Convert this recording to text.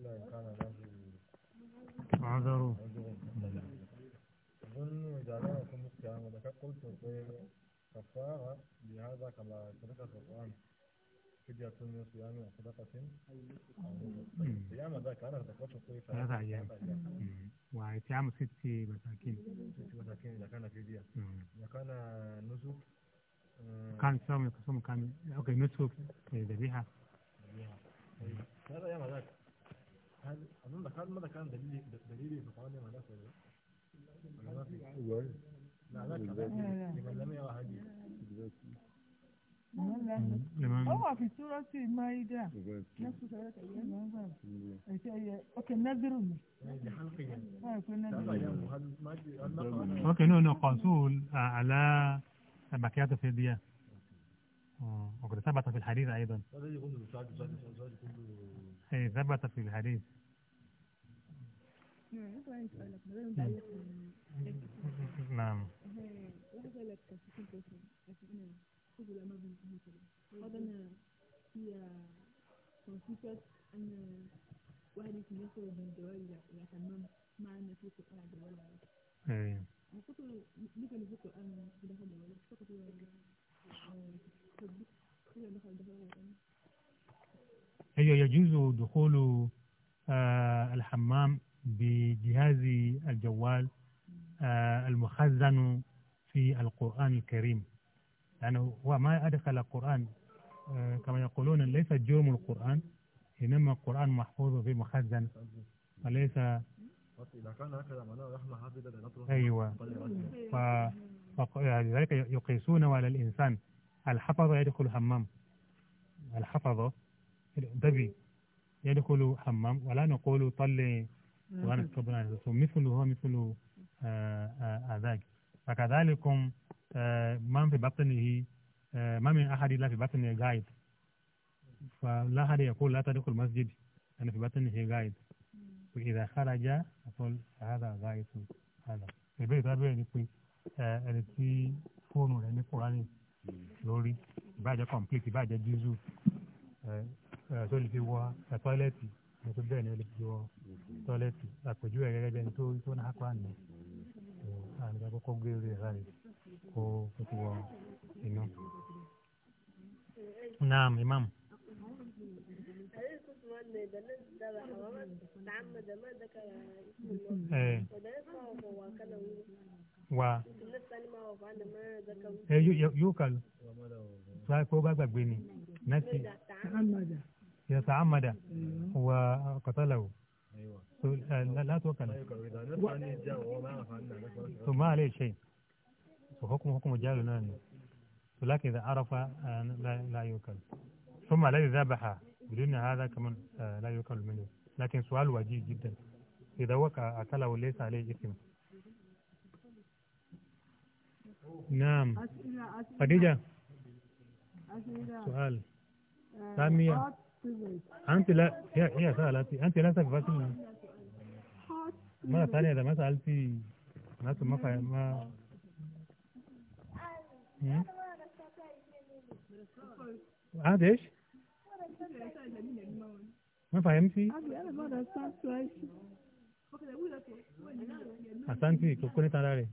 إلا إن كان له عذر أظن إذا لم يكن مسلما وذكر قلت كفارة بهذا كما سبق في القرآن فدية من صيام وصدقة صيام ذاك أنا ذكرت الطيف ثلاثة أيام وإطعام ست مساكين ست مساكين إذا كان فدية إذا كان نسك آه، كان صوم يصوم كامل أوكي نسك إيه، ذبيحة ذبيحة طيب، ثلاثة أيام ذاك هل ماذا كان دليلي دليلي في القرآن ما نفع ولا ما في؟ لا لا لمن لم يرى هدي هو في سورة المائدة نفس ثلاثة أيام أوكي نذرني أوكي نو قاسول آه، على بكيات في الديان آه، وقد ثبت في الحديث أيضا إيه، ثبت في الحديث نعم, نعم. نعم. إيه. أيوة يجوز دخول آه، الحمام بجهاز الجوال آه، المخزن في القرآن الكريم لأنه يعني وما أدخل القرآن آه، كما يقولون ليس جرم القرآن إنما القرآن محفوظ في مخزن وليس إذا كان هكذا معناه أيوة ف... ف... لذلك يعني يقيسون على الإنسان الحفظ يدخل حمام الحفظ دبي يدخل حمام ولا نقول طل وأنا أكتب عليه فمثله هو مثل ذاك فكذلكم من في بطنه ما من أحد إلا في بطنه غايد فلا أحد يقول لا تدخل المسجد أنا في بطنه غايد وإذا خرج أقول هذا غايد هذا ìbéèrè tó bẹ̀rẹ̀ ni pé ẹni tí fóònù rẹ̀ ní kúránì lórí ìbàjẹ́ complete ìbàjẹ́ jíjù ẹ̀ ẹ̀ tó lè fi wọ ẹ̀ tọ́ílẹ̀tì ẹ̀ tó bẹ̀rẹ̀ ni ó lè fi wọ tọ́lẹ́tì àpèjúwe rẹ̀ rẹ̀ tó tó náà kọ́ àná àná kọ́kọ́ gbé orí rẹ̀ rárẹ̀ kó kó ti wọ inú. naam imam. Eh. wa ẹ yóò kà lọ kó bá gbàgbé ni nasi yasa amada mm. wa katalawo. لا توكل ما عليه شيء وحكمه حكم الجاهل ولكن إذا عرف آه، لا, لا يوكل ثم الذي ذبح بدون هذا كمان آه، لا يوكل منه لكن سؤال وجيه جدا إذا وقع أكله وليس عليه إثم نعم خديجة سؤال سامية أنت لا هي هي سألتي أنت لا تفصلنا ما ثانية إذا ما سألتي ما ما فا ما عاد إيش؟ ما فهمتي؟ أحسنتي كوني تعالي